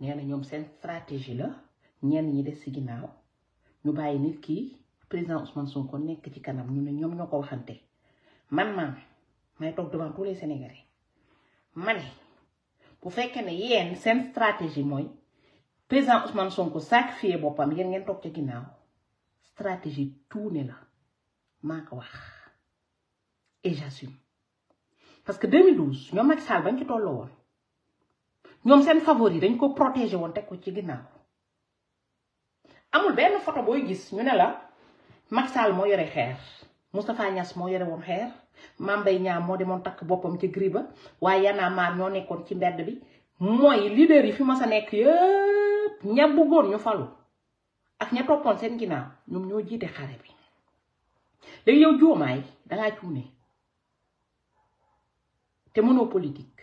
nee na ñoom seen stratégie la ñenn ñi des ci ginnaaw ñu bàyyi nit ki président Ousmane Sonko nekk ci kanam ñu ne ñoom ñoo ko waxante man maam may toog devant tous les Sénégalais ma ne bu fekkee ne yéen seen stratégie mooy président Ousmane Sonko sacrifié boppam yéen ngeen toog ca ginnaaw stratégie tuune la maa ko wax et parce que 2012 ñoom Macky bañ ci tolloo woon. ñoom seen favori dañ ko protéger woon teg ko ci ginnaaw amul benn photo booy gis ñu ne la Macky Sall moo yore xeer Moustapha Niass moo yore woon xeer Mame Mbaye Niang moo demoon takk boppam ci gri ba waaye Y'en a ñoo nekkoon ci mbedd bi mooy leader yi fi ma sa nekk yëpp ña bëggoon ñu falu ak ña toppoon seen ginnaaw ñoom ñoo jiite xare bi léegi yow Diomaye dangaa cuune te mënoo politique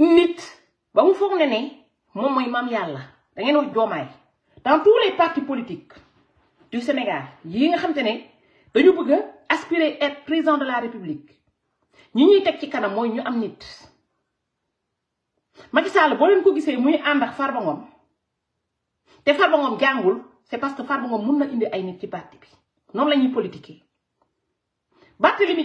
nit ba mu foog ne ne moom mooy maam yàlla da ngeen wax joomaay dans tous les partis politiques du Sénégal yi nga xam ne dañu bëgg a aspirer être président de la République ñi ñuy teg ci kanam mooy ñu am nit. Macky Sall boo leen ko gisee muy ànd ak Farba Ngom te Farba Ngom jàngul c'est parce que Farba Ngom mun na indi ay nit ci parti bi noonu la ñuy politiquer Barthélémy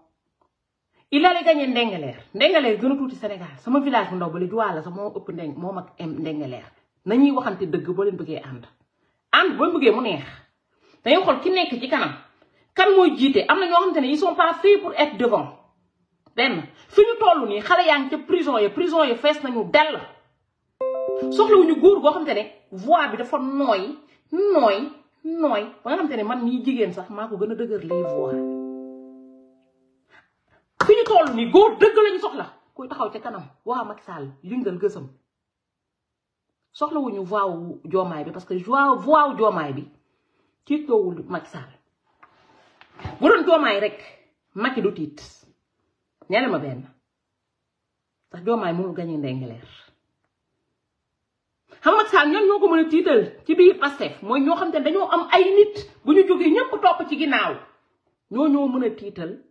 il allait gagner Ndengeleer Ndengeleer gën a tuuti Sénégal sama village bu ndaw ba li Douala la sax moo ëpp ndeng moo mag Ndengeleer nañuy waxante dëgg boo leen bëggee ànd ànd boo bëggee mu neex dañuy xool ki nekk ci kanam kan mooy jiite am na ñoo xamante ne ils sont pas faits pour être devant benn fi ñu nii xale yaa ngi ca prison ya prison ya fees nañu dell soxlawuñu góor goo xamante ne voix bi dafa nooy nooy nooy ba nga xamante ne man mii jigéen sax maa ko gën a dëgër lay voix fi ñu toll nii góor dëgg lañu soxla kuy taxaw ci kanam waa mag Sall li ñu doon gësam soxlawuñu voix jomaay joomaay bi parce que voix voix wu bi tiit loowul Macky Sall bu doon joomaay rek Macky du tiit ñene ma benn jomaay joomaay mënul gañe ndengeleer xam Macky Sall ñan ñoo ko mën a tiital ci biir Pastef mooy ñoo xam te dañoo am ay nit bu ñu jógee ñëpp topp ci ginnaaw ñoo ñoo mën a tiital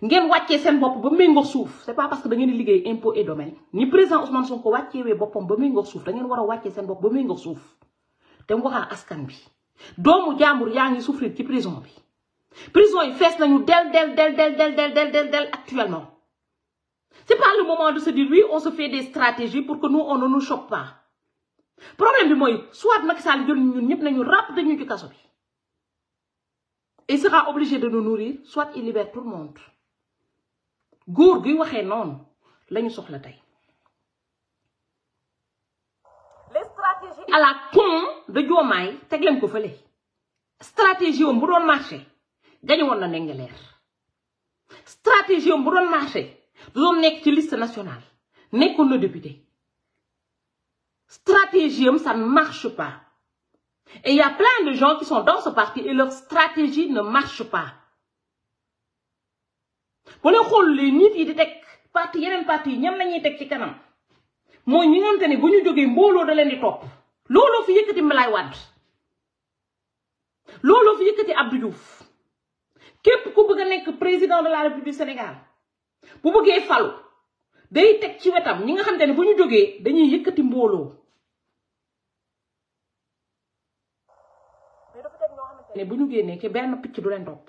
ngeen wàccee sen bop ba méngoog souf c'est pas parce que da ngeen di liggéey impôt et domaine ni président Ousmane Sonko wàcceewee bopom ba méngoog souf da ngeen wara a sen seen ba méngoog souf te waxaa askan bi doomu jàmbur yaa ngi souffrir ci prison bi prison yi fess nañu del del del del del del del del actuellement c'est pas le moment de se dire oui on se fait des stratégies pour que nous on ne nous choque pas problème bi moy soit Macky Sall jël ñun ñep nañu rap dañu ci kasso bi il sera obligé de nous nourrir soit il libère tout le monde góor guy waxé non lañu soxla tay les stratégies à la con de jomay ce ko feulé stratégie au bu de marché gañu woon na stratégie au bu marché du doon une liste nationale nekkoon na député stratégie ça ne marche pas et il y a plein de gens qui sont dans ce parti et leur stratégie ne marche pas bu leen xool li nit yi di teg parti yeneen parti yi ñan la ñuy teg ci kanam mooy ñi ngante ni bu ñu jógee mbooloo da leen di topp looloo fi yëkkati Melaye Wade looloo fi yëkkati Abdou Diouf képp ko bëgg a nekk président de la république Sénégal bu bëggee falu day teg ci wetam ñi nga xam ne bu ñu jógee dañuy yëkkati mbooloo mais bu ñu génnee ci benn picc du leen topp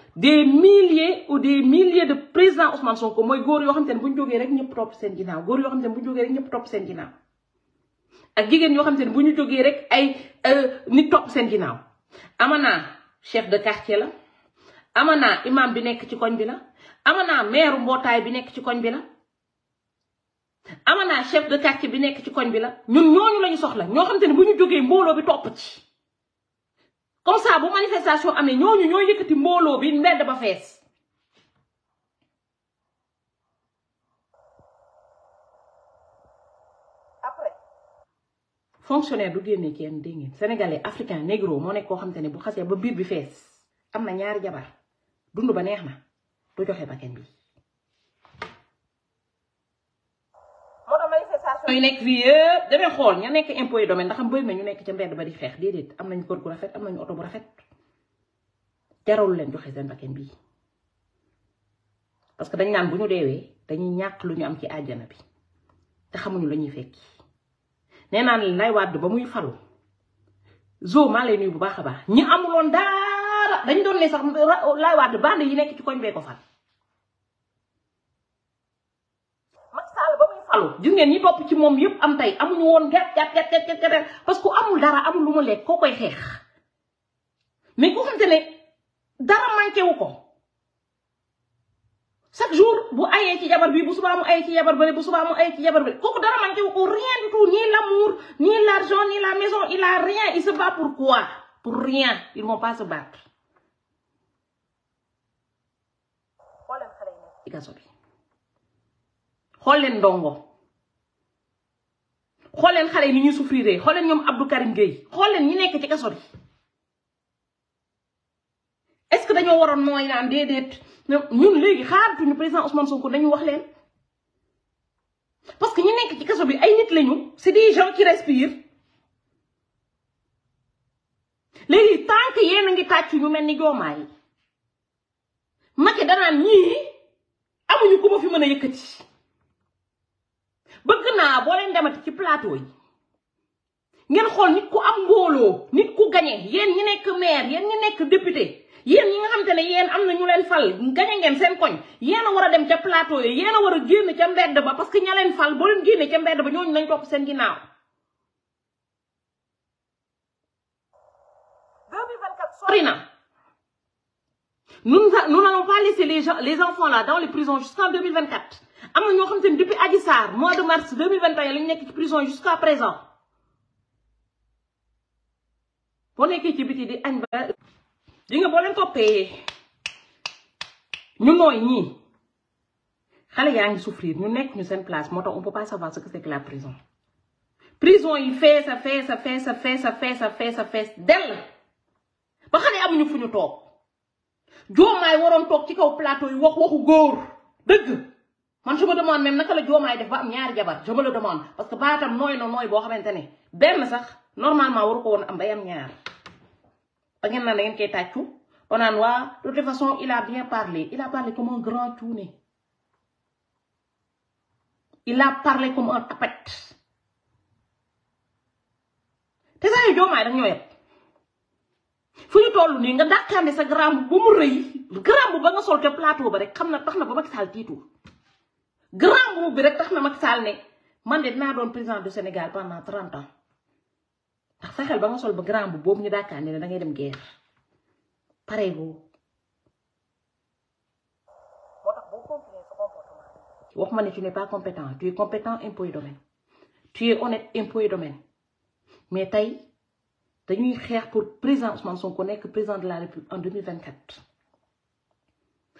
des milliers ou des milliers de président Ousmane Sonko mooy góor yoo xam te bu ñu jógee rek ñëpp topp seen ginnaaw góor yoo xam te ne bu ñu jógee rek ñëpp topp seen ginnaaw ak jigéen yoo xam te ne bu ñu jógee rek ay euh, nit topp seen ginnaaw amanaa chef de quartier la amanaa imam bi nekk ci koñ bi la amanaa maire mbootaay bi nekk ci koñ bi la amanaa chef de quartier bi nekk ci koñ bi la ñun ñooñu lañu soxla ñoo xam te ne bu ñu jógee mbooloo bi topp ci comme ça bu manifestation amee ñooñu ñoo yëkkati mbooloo bi mbedd ba fees après fonctionnaire du génne kenn dégg ngeen sénégalais africain négro moo nekk koo xam te ne bu xasee ba biir bi fees am na ñaari jabar dund ba neex na du joxe ba kenn bi yu nekk fii yëpp damay xool ña nekk impôt yi domaine ndax am bëri na ñu nekk ca mbedd ba di xeex déedéet am nañu kër gu rafet am nañu oto bu rafet jarul leen joxe seen bakkan bii parce que dañ naan bu ñu deewee dañuy ñàkk lu ñu am ci àjjana bi te xamuñu la ñuy fekki nee naa ne lay wàdd ba muy falu zo maa lay nuyu bu baax a baax ñi amuloon dara dañu doon ne sax lay wàdd band yi nekk ci koñ bee ko fal loolu gis ngeen ñi topp ci moom yëpp am tey amuñu woon gàtt gàtt gàtt gàtt parce que amul dara amul lu mu lekk koo mais ku xamante ne dara manqué wu ko chaque jour bu ayee ci jabar bi bu subaa mu ayee ci jabar bële bu subaa mu ayee ci jabar bële kooku dara manqué wu ko rien du tout ni l'amour ni l'argent ni la maison il a rien il se bat pour quoi pour rien ils vont pas se battre. xool leen ndongo Regardez les enfants yi ni ñuy Regardez Abdou Karim Gueye les gens ñi est-ce que Nous waroon nooy Nous ñun président Ousmane Sonko dañu wax leen parce que les nekk ci kaso bi c'est des gens qui respirent tant que vous avez ngi tàccu ñu mel ni joomaay amuñu fi bëgg naa boo leen demati ci plateau yi ngeen xool nit ku am mbooloo nit ku gañe yéen ñi nekk maire yéen ñi nekk député yéen ñi nga xamante ne yéen am na ñu leen fal gañe ngeen seen koñ yéen a war a dem ca plateau yi yéen a war a génn ca mbedd ba parce que ña leen fal boo leen génne ca ñooñu nañ topp seen ginnaaw. 2024 sori na. nous nous n'allons pas laisser les gens les enfants là dans les prisons Amna na ñoo xamante depuis Adji Sar mois de mars 2021 lañu nekk ci prison jusqu'à présent boo nekkee ci biti di añ ba di nga bo leen toppee ñu moy ñi xalé yaa souffrir ñu nekk ñu sen place moo on peut pas savoir ce que c'est que la prison prison yi fait ça fait ça fait ça fait ça fait ça fait ça fait del ba xale yi amuñu fuñu tok. toog joomaay waroon toog ci kaw plateau yi wax waxu góor deug man je me demande même naka la joomaay def ba am ñaar jabar je me le demande parce que baatam nooy na nooy boo xamante ne benn sax normalement waru ko won am bayam ñaar ba ngeen naan ngeen kay tàccu on naan waa de toute façon il a bien parlé il a parlé comme un grand tourné il a parlé comme un tapette te saa yu joomaay dañ ñoo yeb fu ñu nga dàkkaande sa garam bu mu reuy garam bu ba nga sol plateau ba rek xamna taxna tax ba Macky Sall tiitu grand groupe bi rek tax na Macky sal ne man de na don président du Sénégal pendant 30 ans tax sa xel ba nga sol ba grand bu bobu ñu daakaar né da ngay dem guerre pareil boobu. moo tax boo continuer wax ma ne tu n'es pas compétent tu es compétent un peu domaine tu es honnête un peu domaine mais tey dañuy xeex pour président Ousmane Sonko nekk président de la République en 2024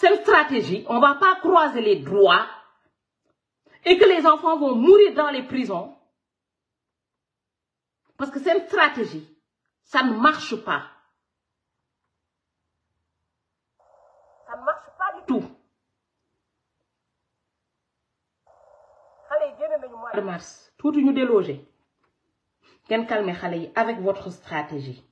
C'est une stratégie, on ne va pas croiser les droits et que les enfants vont mourir dans les prisons. Parce que c'est une stratégie, ça ne marche pas. Ça ne marche pas du tout. Mars, tout est délogé. calmer calme avec votre stratégie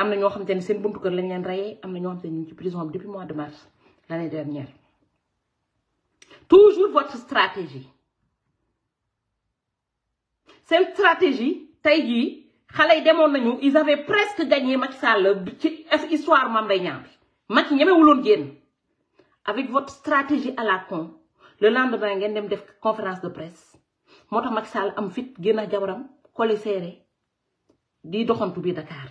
am na ñoo xamante seen buntu kër lañ leen rayé, am na ñoo xamante ñu ci prison depuis mois de mars l'année dernière toujours votre stratégie seen stratégie tay jii xale yi demoon nañu ils avaient presque gagné Macky Sall ci histoire Mame Mbaye Niang bi Macky ñemewuloon avec votre stratégie à la con le lendemain ngeen dem def conférence de presse Motax tax Macky Sall am fit génn jabaram collé serré di doxantu bi Dakar.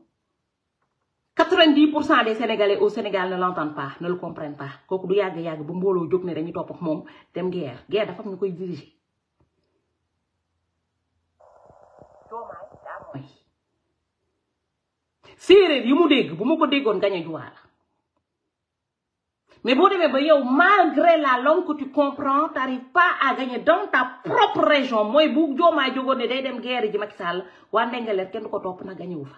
90 des sénégalais au Sénégal ne l'entendent pas ne le comprennent pas kooku du yag yag bu mbolo jóg ne dañuy topp ak mom dem guerre guerre dafa am ñu koy diriger. séeréer yi mu dégg bu ma ko gagner du juwaa mais boo demee ba yow malgré la langue que tu comprends t'arrives pas à gagner dans ta propre région Moy bu djoma djogone day dem guerre ji Macky Sall wa Ndengaleer kenn ko top na wu fa.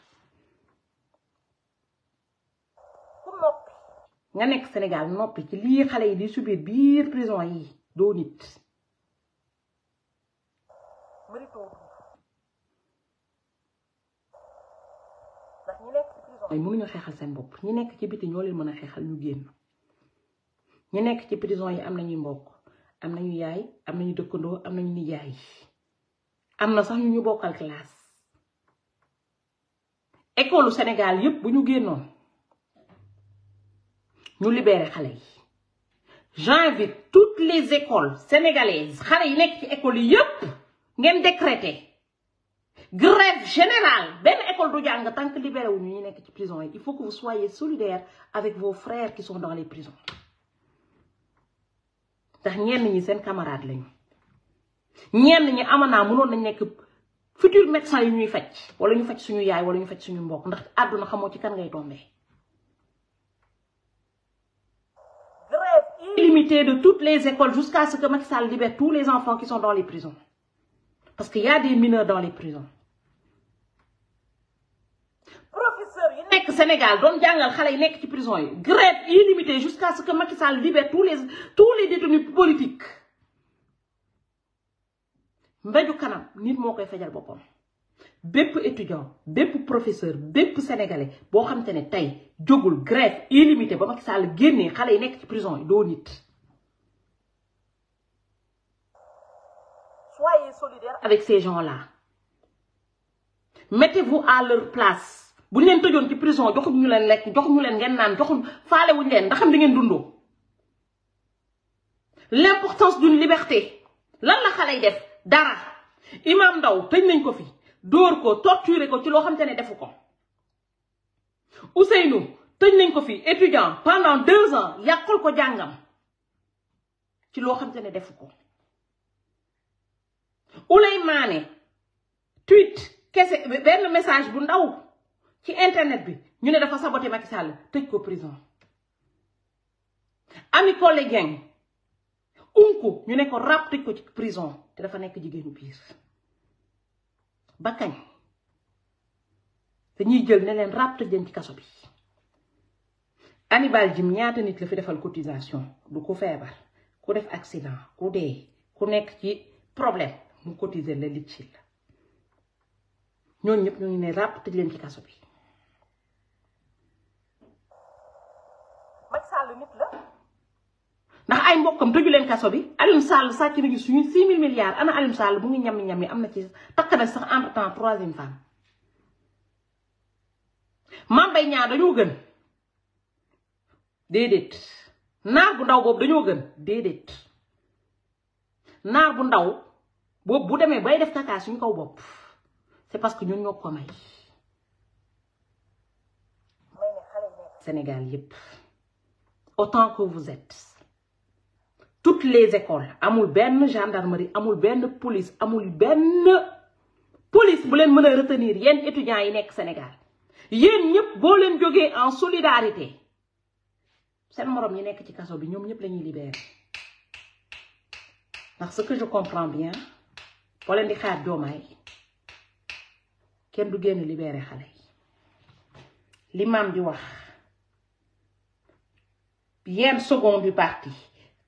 nga nekk Sénégal noppi ci lii xale yi di subir biir prison yi doo nit ay mënuñu xeexal seen bopp ñu nekk ci biti ñoo leen mën a xeexal ñu génn ñu nekk ci prison yi am nañu mbokk am nañu yaay am nañu dëkkandoo am nañu nijaay am na sax ñu ñu bokkal classe école Sénégal yépp bu ñu génnoon Nous libéré xalé yi j'invite toutes les écoles sénégalaises xalé yi nek ci école yi yépp ngeen décréter grève générale ben école du jang tant que libéré wu ñu nek ci prison yi il faut que vous soyez solidaires avec vos frères qui sont dans les prisons ndax ñenn ñi seen camarade lañu ñenn ñi amanaa mënoon nañ nek futur médecin yu ñuy faj wala ñu faj suñu yaay wala ñu faj suñu mbokk ndax aduna xamoo ci kan ngay tomber limité de toutes les écoles jusqu'à ce que Macky libère tous les enfants qui sont dans les prisons. Parce qu'il y a des mineurs dans les prisons. Professeur il au Sénégal doon jàngal xale yi prison yi grève illimitée jusqu'à ce que Macky Sall libère tous les tous les détenus politiques. kanam nit bépp étudiant bépp professeur bépp sénégalais bo xam te ne tey grève illimité ba Macky Sall génnee xale yi nekk ci prison do nit. soyez solidaire avec ces gens-là mettez-vous à leur place bu len leen ci prison joxuñ ñu leen lekk joxuñ ñu leen ngeen naan joxuñ faale wuñ leen ndax xam di ngén dundoo l'importance d'une liberté lan la xalé def dara Imam Ndaw tëj nañ ko fi dóor ko torturer ko ci lo xamante ne defu ko Ousseynou tëj nañ ko fi étudiant pendant 2 ans yakul ko jangam ci lo xamante ne defu ko Ouleymaane tweet kese benn message bu ndaw ci internet bi ñu ne dafa saboter Macky Sall tëj ko prison Ami Collé Dieng unku ñu ne ko rap tëj ko ci prison te dafa nek jigéenu biir ba kañ dañuy jël ne leen ràpp tëj ci kaso bi Hannibal Jim ñaata nit la fi defal cotisation du ku feebar ku def accident ku dee ku nekk ci problème mu cotiser la liggéey la ñooñu ñëpp ñu ngi ne ràpp tëj leen ci kaso bi. ndax ay mbokkam tëju leen kaso bi Alioune Sall sàcc nañu suñu 6000 milliards ana Alioune Sall bu ngi ñam ñam am na ci takk na sax entre temps troisième femme. Mame Mbaye dañoo gën déedéet naar bu ndaw boobu dañoo gën déedéet naar bu ndaw boobu bu demee bay def kakaar suñu kaw bopp c'est parce que ñun ñoo ko may. yëpp toutes les écoles amul ben gendarmerie amul ben police amul ben police bu leen me retenir yéen étudiants yi nekk Sénégal yéen ñëpp boo leen en solidarité C'est le moment nekk ci kaso bi ñoom ñëpp la ñuy libéré ce que je comprends bien boo leen di xaar doomaay kenn du génn libéré xale yi li maam di wax yenn second du parti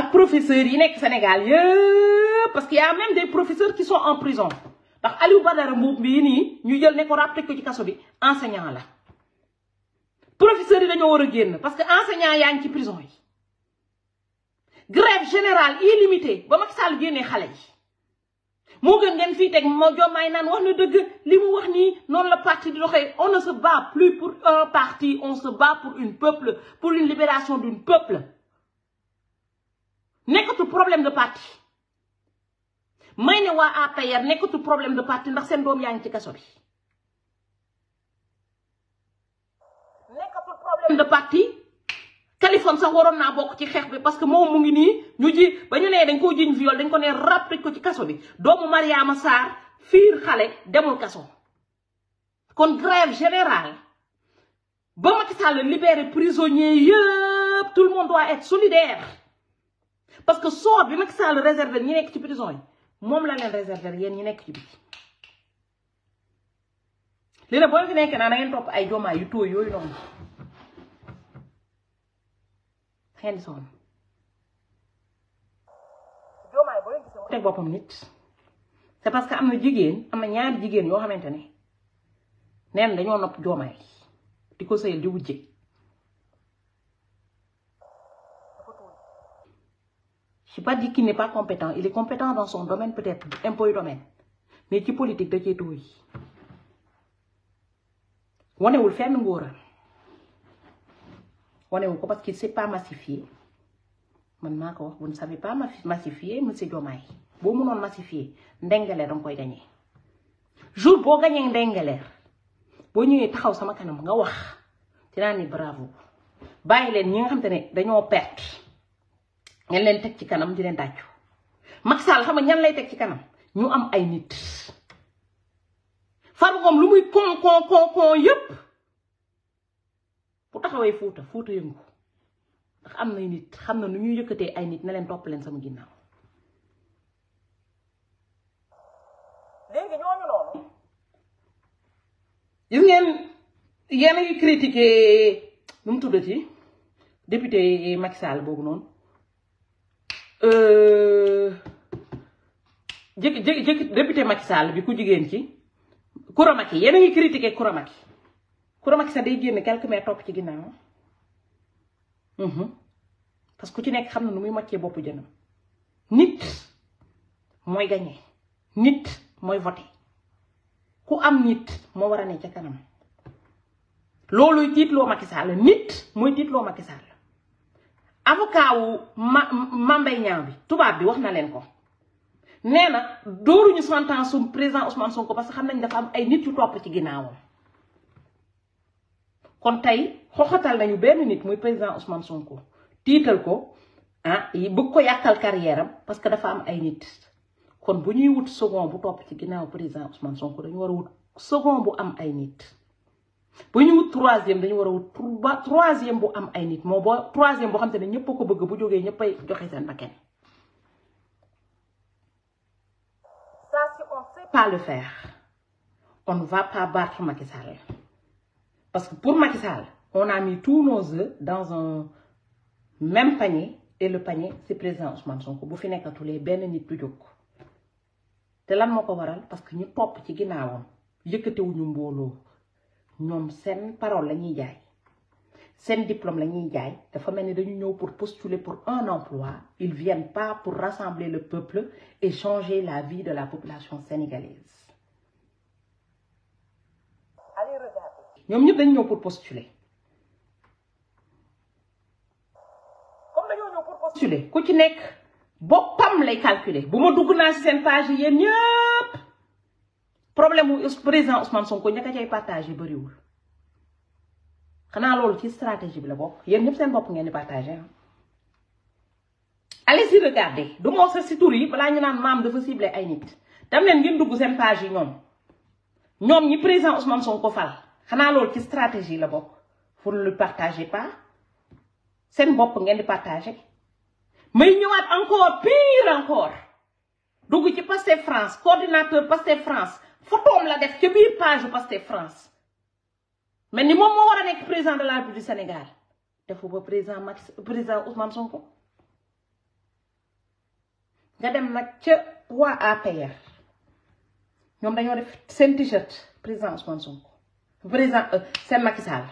ak professeurs yi nekk Sénégal parce qu'il y a même des professeurs qui sont en prison ndax Aliou Badara Mboup bii nii ñu jël ne ko ko ci bi enseignant la professeurs yi dañoo parce que enseignant yaa ngi ci prison yi grève générale illimitée ba Macky Sall génnee xale yi moo gën ngeen fi tek moo jommaay naan wax na dëgg li wax nii noonu la parti di doxee on ne se bat plus pour un parti on se bat pour une peuple pour une libération d'une peuple nekatu problème de parti may ne waa APR nekatu problème de parti ndax sen dom yaa ngi ci kasso bi nekatu problème de parti Kaliphone sa woron na bok ci xex bi parce que mom mu ngi ni ñu ji bañu né dañ ko jiñ viol dañ ko né rappé ko ci kasso bi doomu Mariama sar fiir xalé demul kasso kon grève générale ba Macky Sall libérer prisonnier yëpp tout le monde doit être solidaire parce que soo bi nag Sall réservé ñi nekk ci prison yi moom la leen réservé yéen ñi nekk ci biti li ne boo fi nekkee naa da ngeen topp ay jomaay yu tooy yooyu noonu xeen di nit c'est parce que am na jigéen am na ñaari jigéen yoo xamante ne neen dañoo nopp joomaay di ko sëyal di wujje n'ai pas dit qu'il n'est pas compétent. Il est compétent dans son domaine peut-être, impôt et domaine. Mais qui politique da On est wanewul fenn ngóoram On ko parce que c'est pas ne sait pas ko wax vous ne savez pas massifié monsieur Diomaye boo mënoon massifié ndengaleer danga koy gañee jour boo gañee ndengaleer boo ñëwee taxaw sama kanam nga wax dinaa ni bravo bàyyi leen ñi nga xam te ne dañoo perte ngeen leen teg ci kanam di leen dàccu Macky Sall xam nga ñan lay teg ci kanam ñu am ay nit Farba Ngom lu muy kon kon kon kon yëpp bu taxawee Fuuta Fuuta yëngu ndax am nay nit xam na nu ñuy yëkkatee ay nit na leen topp leen sama ginnaaw. léegi gis ngeen yéen a ngi critiqué nu mu tuddati député Macky Sall boobu noonu. Euh, jékki jékki jékki député Macky Sall bi ku jigéen ci Coura Macky yéen a ngi critiqué Coura Macky Coura Macky sax day génn quelque mais topp ci ginnaaw mhm. parce que ku ci nekk xam na nu muy moccee boppu jënam nit mooy gañe nit mooy voté ku am nit moo war a ne ca kanam looluy tiitloo Macky Sall nit mooy tiitloo Macky Sall avocat wu ma Mame Mbaye bi tubaab bi wax na leen ko nee na dóoruñu sentence su président Ousmane Sonko parce que xam nañ dafa am ay nit yu topp ci ginnaawam kon tey xoxatal nañu benn nit muy président Ousmane Sonko tiital ko ah bëgg ko yàqal carrière am parce que dafa am ay nit kon bu ñuy wut second bu topp ci ginnaaw président Ousmane Sonko dañu war a wut second bu am ay nit. Pour nous troisième dañu troisième, troisième bu am ay nit mo troisième bo xam tane ne ko bëgg bu joggé ñeppay joxé troisième, ça si on pas le faire on ne va pas battre Macky parce que pour Macky Sall on a mis tous nos œufs dans un même panier et le panier c'est présent Ousmane bu fi nit du lan parce que ñu ci ñom sen parole lañuy jaay sen diplôme lañuy jaay dafa melni dañu ñëw pour postuler pour un emploi ils viennent pas pour rassembler le peuple et changer la vie de la population sénégalaise ñom ñep dañu ñëw pour postuler comme dañu ñëw pour postuler ku ci nekk bopam lay calculer buma dugg na ci sen page yeen yéen problème mu président Ousmane Sonko ñaka ka partager partagé bëriwul xanaa loolu ci stratégie bi la bok yeen ñëpp seen bop ngeen di partagé ah. allez y regarder du mo sa si tur yi balaa ñu naan mam dafa cibler ay nit dem leen ngeen dugg seen page yi ñom ñom ñi président Ousmane Sonko fal xana loolu ci stratégie la bok pour lu partager pas seen bop ngeen di partager may ñëwaat encore pire encore dugg ci Pastef France coordinateur Pastef France me la def ci biir page Pastef France mais ni mom mo wara nek président de la République du Sénégal defu ba président Macky président Ousmane Sonko nga dem nak ci waa APR ñom dañu def sen t-shirt président Ousmane Sonko président euh, seen Macky Sall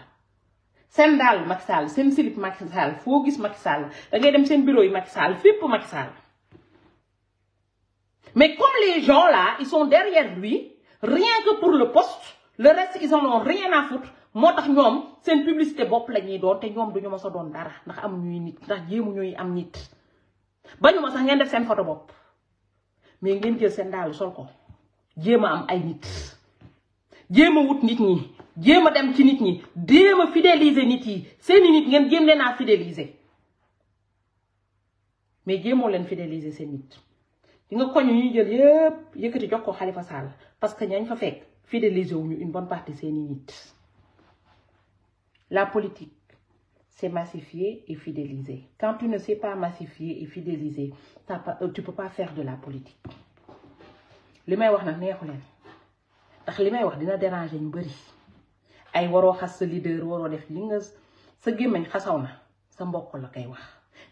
sen Dal Macky Sall sen silip Macky Sall fo gis Macky Sall da ngay dem sen bureau yi Macky Sall fépp Macky Sall mais comme les gens là ils sont derrière lui rien que pour le poste le reste ils en ont rien à foutre moo tax ñoom seen publicité bopp la ñuy doon te ñoom duñu mës a doon dara ndax amuñuy nit ndax jéemu ñuy am nit bañu ma sax ngeen def seen photo bopp mais ngeen jël seen daal sol ko jéem a am ay nit jéem a wut nit ñi jéem a dem ci nit ñi jéem a fidéliser nit yi seeni nit ngeen jéem leen a fidéliser mais jéemoo leen fidéliser seen nit di nga koñ ñu jël yëpp yëkkati jox ko Khalifa Sall parce que ñañ fa fekk fidéliser wuñu une bonne partie seeni nit la politique c'est massifier et fidéliser quand tu ne sais pas massifier et fidéliser pas, euh, tu peux pas faire de la politique li may wax nag neexu leen ndax li may wax dina déranger ñu bëri ay waroo xas sa leader waroo def li nga sa gémmañ xasaw na sa mbokk la koy wax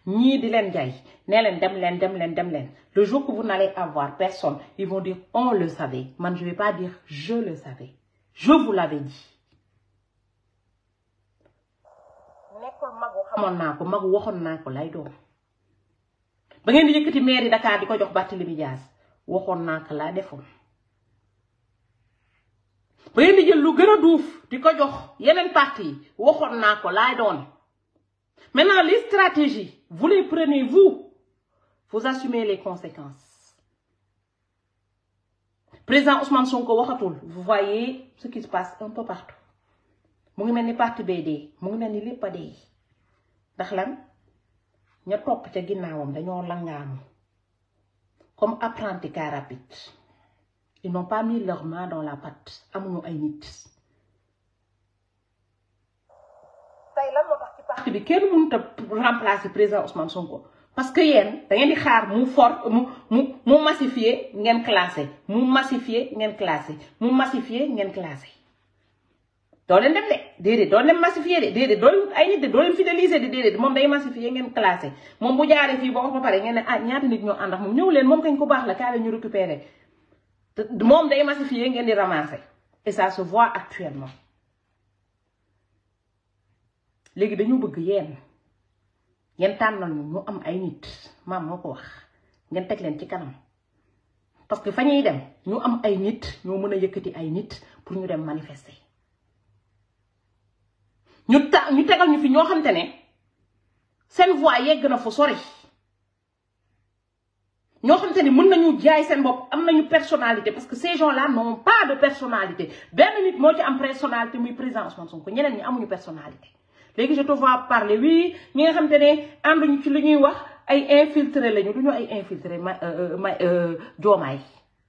ni di leen jaay nee leen dem len dem len dem len le jour que vous n'allez avoir personne ils vont dire on le savait man je vais pas dire je le savais je vous l'avais dit nekkul magu xamoon naa ko magu waxoon ko lay do ba ngeen di yëkkati maire di Dakar diko jox Barthélémy Dias waxoon naa ko laa defoon ba ngeen di jël lu gëna a diko jox yeneen parti yi waxoon naa ko laay doon Maintenant, les stratégies, vous les prenez, vous. Vous assumez les conséquences. Présent Ousmane Sonko vous voyez ce qui se passe un peu partout. mu ngi pas parti vous ngi ndax pas comme apprenti ils n'ont pas mis leur mains dans la pâte leurs ay parti kenn mënut remplacer président Ousmane Sonko parce que da di xaar mu massifier ngeen classé mu massifier ngeen classé mu massifier ngeen classer do len dem de massifier de fidéliser de massifier ngeen classer mom bu massifier ramasser et ça se voit actuellement. léegi dañoo bëgg yéen ngeen tànnal ñu am ay nit maam moo ko wax ngeen teg leen ci kanam parce que fa ñuy dem ñu am ay nit ñoo mën a yëkkati ay nit pour ñu dem manifester ñu ta ñu tegal ñu fi ñoo xamante ne seen voix yegg na fu sori ñoo xamante ne mën nañu jaay seen bopp am nañu personnalité parce que ces gens-là n'ont pas de personnalité benn nit moo ci am personnalité muy président Ousmane Sonko ñeneen ñi amuñu personnalité. Dès que je te vois parler, oui, nous avons fait des infiltrés. Nous avons infiltré les infiltrés. Nous avons fait des infiltrés.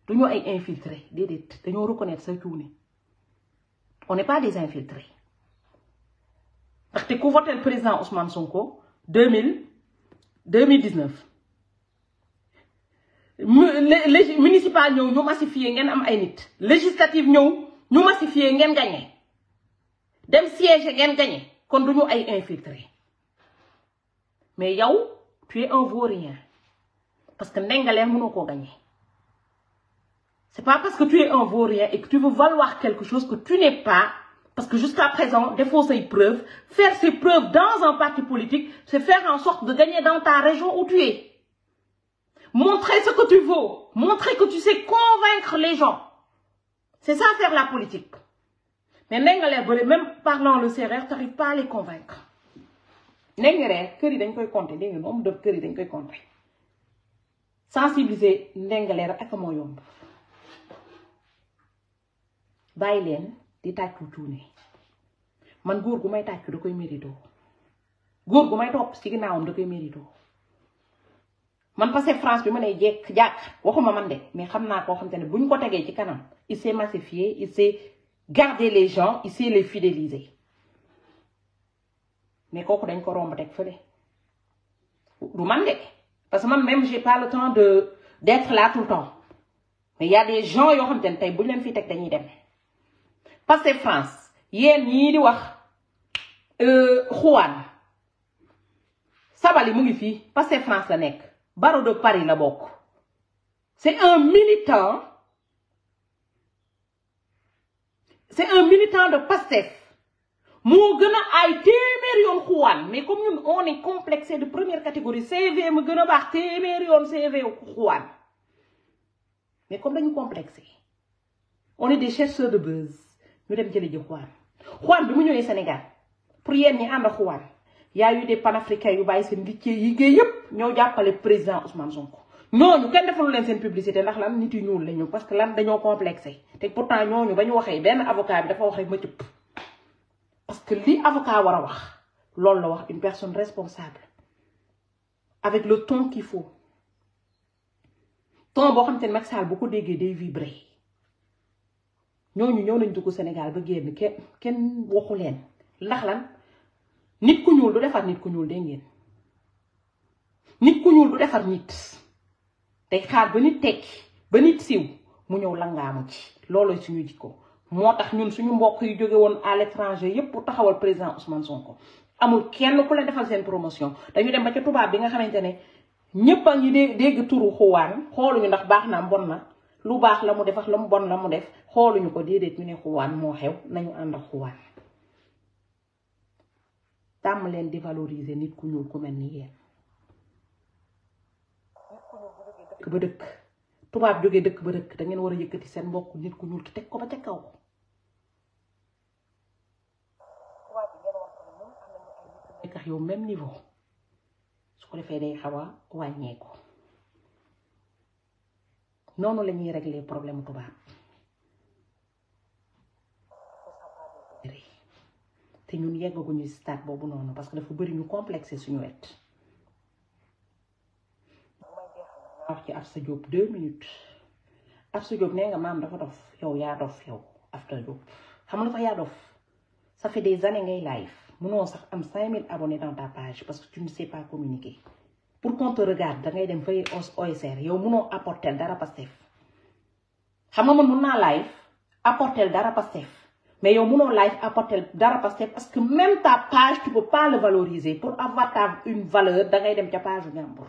Nous avons infiltré. des infiltrés. Nous avons reconnaître On n'est pas des infiltrés. Parce que vous le président Ousmane Sonko, 2000, 2019. les municipales nous massifient les nous Les législatives nous massifient massifié, nous avons gagné. Dem siège, nous gagné. Quand nous infiltré mais yaw, tu es un vaurien parce que c'est pas parce que tu es un vaurien et que tu veux valoir quelque chose que tu n'es pas parce que jusqu'à présent défaut c'est preuves faire ses preuves dans un parti politique c'est faire en sorte de gagner dans ta région où tu es montrer ce que tu vaux montrer que tu sais convaincre les gens c'est ça faire la politique mais même parlant le tu n'arrives pas à les convaincre Nengalère kër yi dañ koy compter les yi dañ koy compter sensibiliser ak yomb des man gour gu may a da koy mérito gour gu top, ci da koy mérito man il France de mais xam ne ko ci il s'est massifié il s'est garder les gens ici les fidéliser mais qu'on dañ ko on parce que moi même j'ai pas le temps de d'être là tout le temps mais il y a des gens fi dañuy dem France yeen di wax euh, Sabali mu ngi France la nek. barreau de Paris c'est un militant c'est un militant de PASTEF moo gën a ay téeméer yoon xuwaan mais comme ñun on est complexé de première catégorie CV mu gën a baax téeméer yoon CV xuwaan mais comme dañu complexé on est des chercheurs de buzz Nous dem jële ji xuwaan xuwaan bi mu Sénégal pour yéen ñi il y a eu des panafricains yu bàyyi seen liggéey liggéey yépp ñoo président Ousmane Sonko non, kenn defalu leen seen publicité ndax lan nit yu ñuul la ñu parce que nous sommes complexé te pourtant nous, avons waxé avocat bi dafa parce que li avocat wara une personne responsable avec le ton qu'il faut ton nous xam bu ko vibré ñooñu ñëw nañ Sénégal ba génn pas ken waxu ndax lan nit ku ñuul du nous nit ku ñuul nit ku mu ñëw langaamu ci loolooy suñu jikko moo tax ñun suñu mbokk yu jóge woon à l'étranger yépp pour taxawal président Ousmane ko amul kenn ku la defal seen promotion dañu dem ba ca tubaab bi nga xamante ne ñépp a ngi dégg turu xuwaan xooluñu ndax baax na mbon na lu baax la mu def ak la mu bon la mu def xooluñu ko déedéet ñu ne xuwaan moo xew nañu ànd ak xuwaan tàmm leen di valoriser nit ku ñuul ku mel ni yéen ba dëkk tubaab jóge dëkk ba dëkk da ngeen war a yëkkati seen mbokk nit ku ñuul ki teg ko ba ca kaw. yow même niveau su ko defee day xaw a wàññeeku noonu la ñuy régler problème tubaab te ñun yeggaguñu stade boobu noonu parce que dafa bëri ñu complexé suñu wet wax ci Absa Diop deux minutes Absa Diop nee nga maam dafa dof yow ya dof yow Absa Diop xam nga fa dof ça fait des années ngay live mënoo sax am 5000 abonnés dans ta page parce que tu ne sais pas communiquer pour qu'on te regarde da ngay dem os OSR yow mënoo apporter dara Pastef xam nga man mën live apporter dara Pastef mais yow mënoo live apporter dara Pastef parce que même ta page tu peux pas le valoriser pour avoir ta une valeur da ngay dem ca page jàmbur.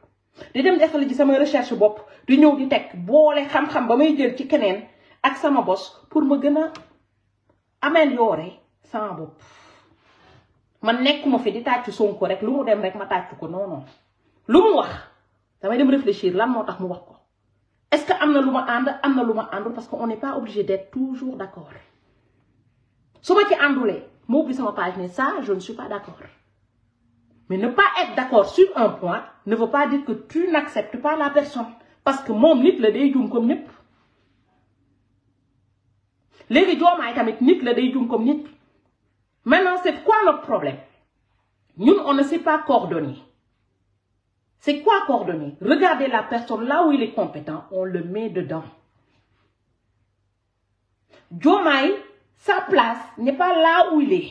di dem defal ji sama recherche bop di ñew di tek boole xam-xam ba may jël ci keneen ak sama bos pour ma gëna améliorer sama bop man nekkuma fi di tàcc Sonko rek lu mu dem rek ma tàcc ko non non lu mu wax damay dem réfléchir lan moo tax mu wax ko est-ce que am na lu ma ànd am na lu ma parce que on n'est pas obligé d'être toujours d'accord su ma ci àndulee ma ubbi sama page ne ça je ne suis pas d'accord. Mais ne pas être d'accord sur un point ne veut pas dire que tu n'acceptes pas la personne. Parce que mon nid, le day comme ñëpp léegi joomaay tamit nit la le comme maintenant c'est quoi notre problème Nous, on ne sait pas coordonner c'est quoi coordonner regardez la personne là où il est compétent on le met dedans Jomai, sa place n'est pas là où il est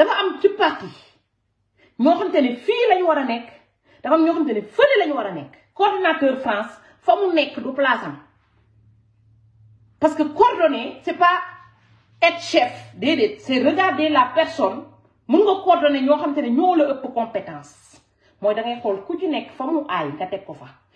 dafa am ci parti moo xamante ne fii lañu war a nekk dafa am ñoo xamante ne fële lañu war a nekk France fa mu nekk du place am parce que coordonner c'est pas être chef déedéet c'est regarder la personne mun nga coordonner ñoo xamante ne ñoo la ëpp compétence mooy da ngay xool ku ci nekk fa mu aay nga teg ko fa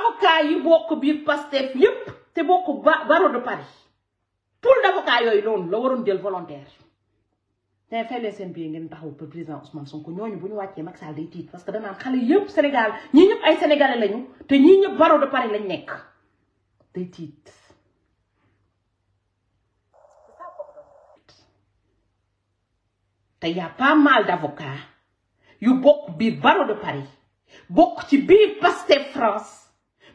avocat yi bokk biir Pastef yépp te bokk barreau de Paris pool d'avocat yoy non la waroon del volontaire te faylee sen biir ngeen taxaw pour président Ousmane Sonko ñooñu buñu waccé wàccee Macky Sall day tiit parce que danaan xalé yëpp Sénégal ñi ñëpp ay sénégalais lañu te ñi ñëpp barreau de Paris lañ nekk day tiit te y a pas mal d'avocats yu bokk biir barreau de Paris bokk ci biir Pastef France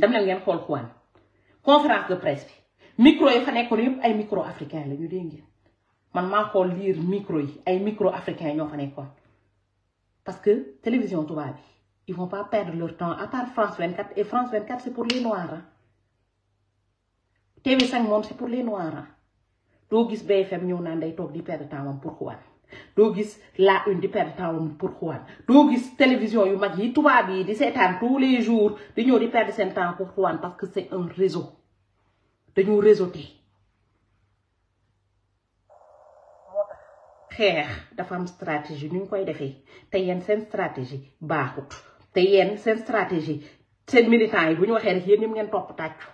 dem leen ngeen xol conférence de presse bi micro yi fa nekkoon yëpp ay micro africain la ñu dégg ngeen man maa xool micro yi ay micro africain ñoo fa nekkoon parce que télévision ils ne ils vont pas perdre leur temps à part France 24 et France 24 c'est pour les noirs hein. TV5 moom c'est pour les noirs hein. doo gis BFM ñëw naan day toog di perdre temps moom doo gis la une di perdre temps pour Juan doo gis télévision yu mag yi tubaab yi di seetaan tous les jours di ñëw di perdre seen temps pour Juan parce que c'est un réseau dañoo réseauté xeex dafa am stratégie ni ñu koy defee te yéen seen stratégie baaxut te yéen seen stratégie seen militants yi bu ñu waxee rek yéen ñoom ngeen topp tàccu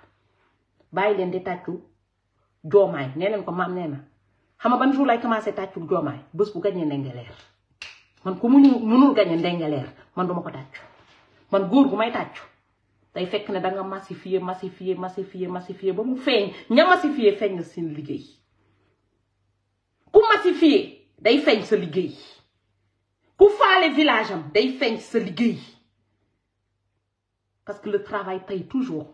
bàyyi leen di tàccu joomaay ne leen ko maam nee na xam nga ban jour lay commencé tàccul joomaay bés bu gañee ndengeleer man ku muñu munul gañe ndengeleer man duma ko tàccu man góor gu may tàccu tay fekk ne nga massifier massifier massifier massifier ba mu feeñ ña massifier feñ na seen liggéey ku massifier day feñ sa liguey ku faalé village am day feñ sa liguey parce que le travail paye toujours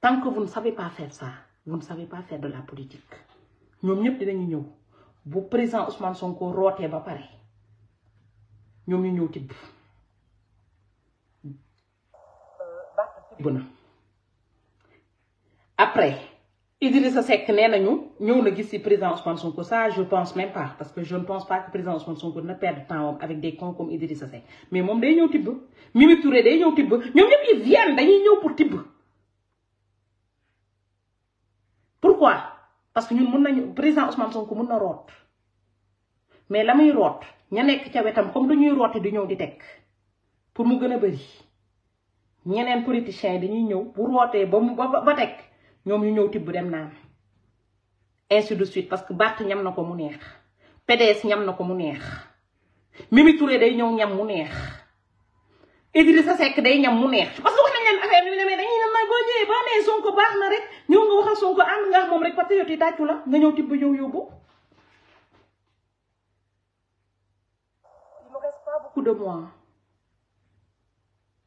tant que vous ne savez pas faire ça vous ne savez pas faire de la politique ñom ñëpp dinañu ñëw bu président Ousmane Sonko roté ba pare ñom ñu ñëw tibb na après Idrissa Seck nénañu nañu ñëw na gis ci président Ousmane Sonko ça je pense même pas parce que je ne pense pas que président Ousmane Sonko dina perdre temps avec des cons comme Idrissa Seck mais mom day ñëw tibb Mimi Touré day ñëw tib ñom ñëpp ils viennent dañuy ñëw pour tib pourquoi parce que ñun mun nañu président Ousmane ko mun na root mais la muy root ña nekk ca wetam comme dañuy rooti di ñëw di teg pour mu gën a bëri ñeneen politiciens yi dañuy ñëw bu rootee ba mu ba ba teg ñoom ñu ñëw tibb dem naan ainsi de suite parce que Bart ñam na ko mu neex PDS ñam na ko mu neex Mimi Touré day ñëw ñam mu neex. Idrissa sek day ñam mu neex parce que wax nañ leen affaire ñu neume dañuy na bo boo ñëwee né Sonko baax na rek ñoo nga waxa Sonko and nga mom rek patriote yi taccu la nga ñew tibb ñew yóbbu il me reste pas beaucoup de mois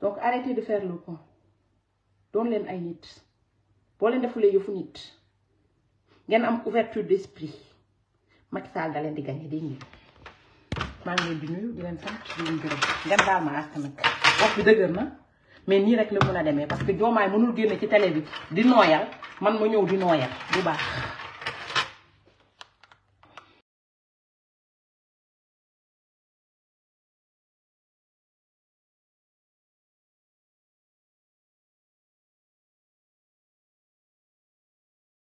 donc arrêtez de faire le con don leen ay nit bo leen defulé yofu nit ngeen am ouverture d'esprit Macky Sall da leen di gagner di ñu maa ngi leen di nuyu di leen sant di leen gërëm ngeen dal ma ak nag wax bi dëgër mais ni rek le mën a parce que joomaay mënul génne ci télé bi di noyal man ma ñëw di noyal du baax.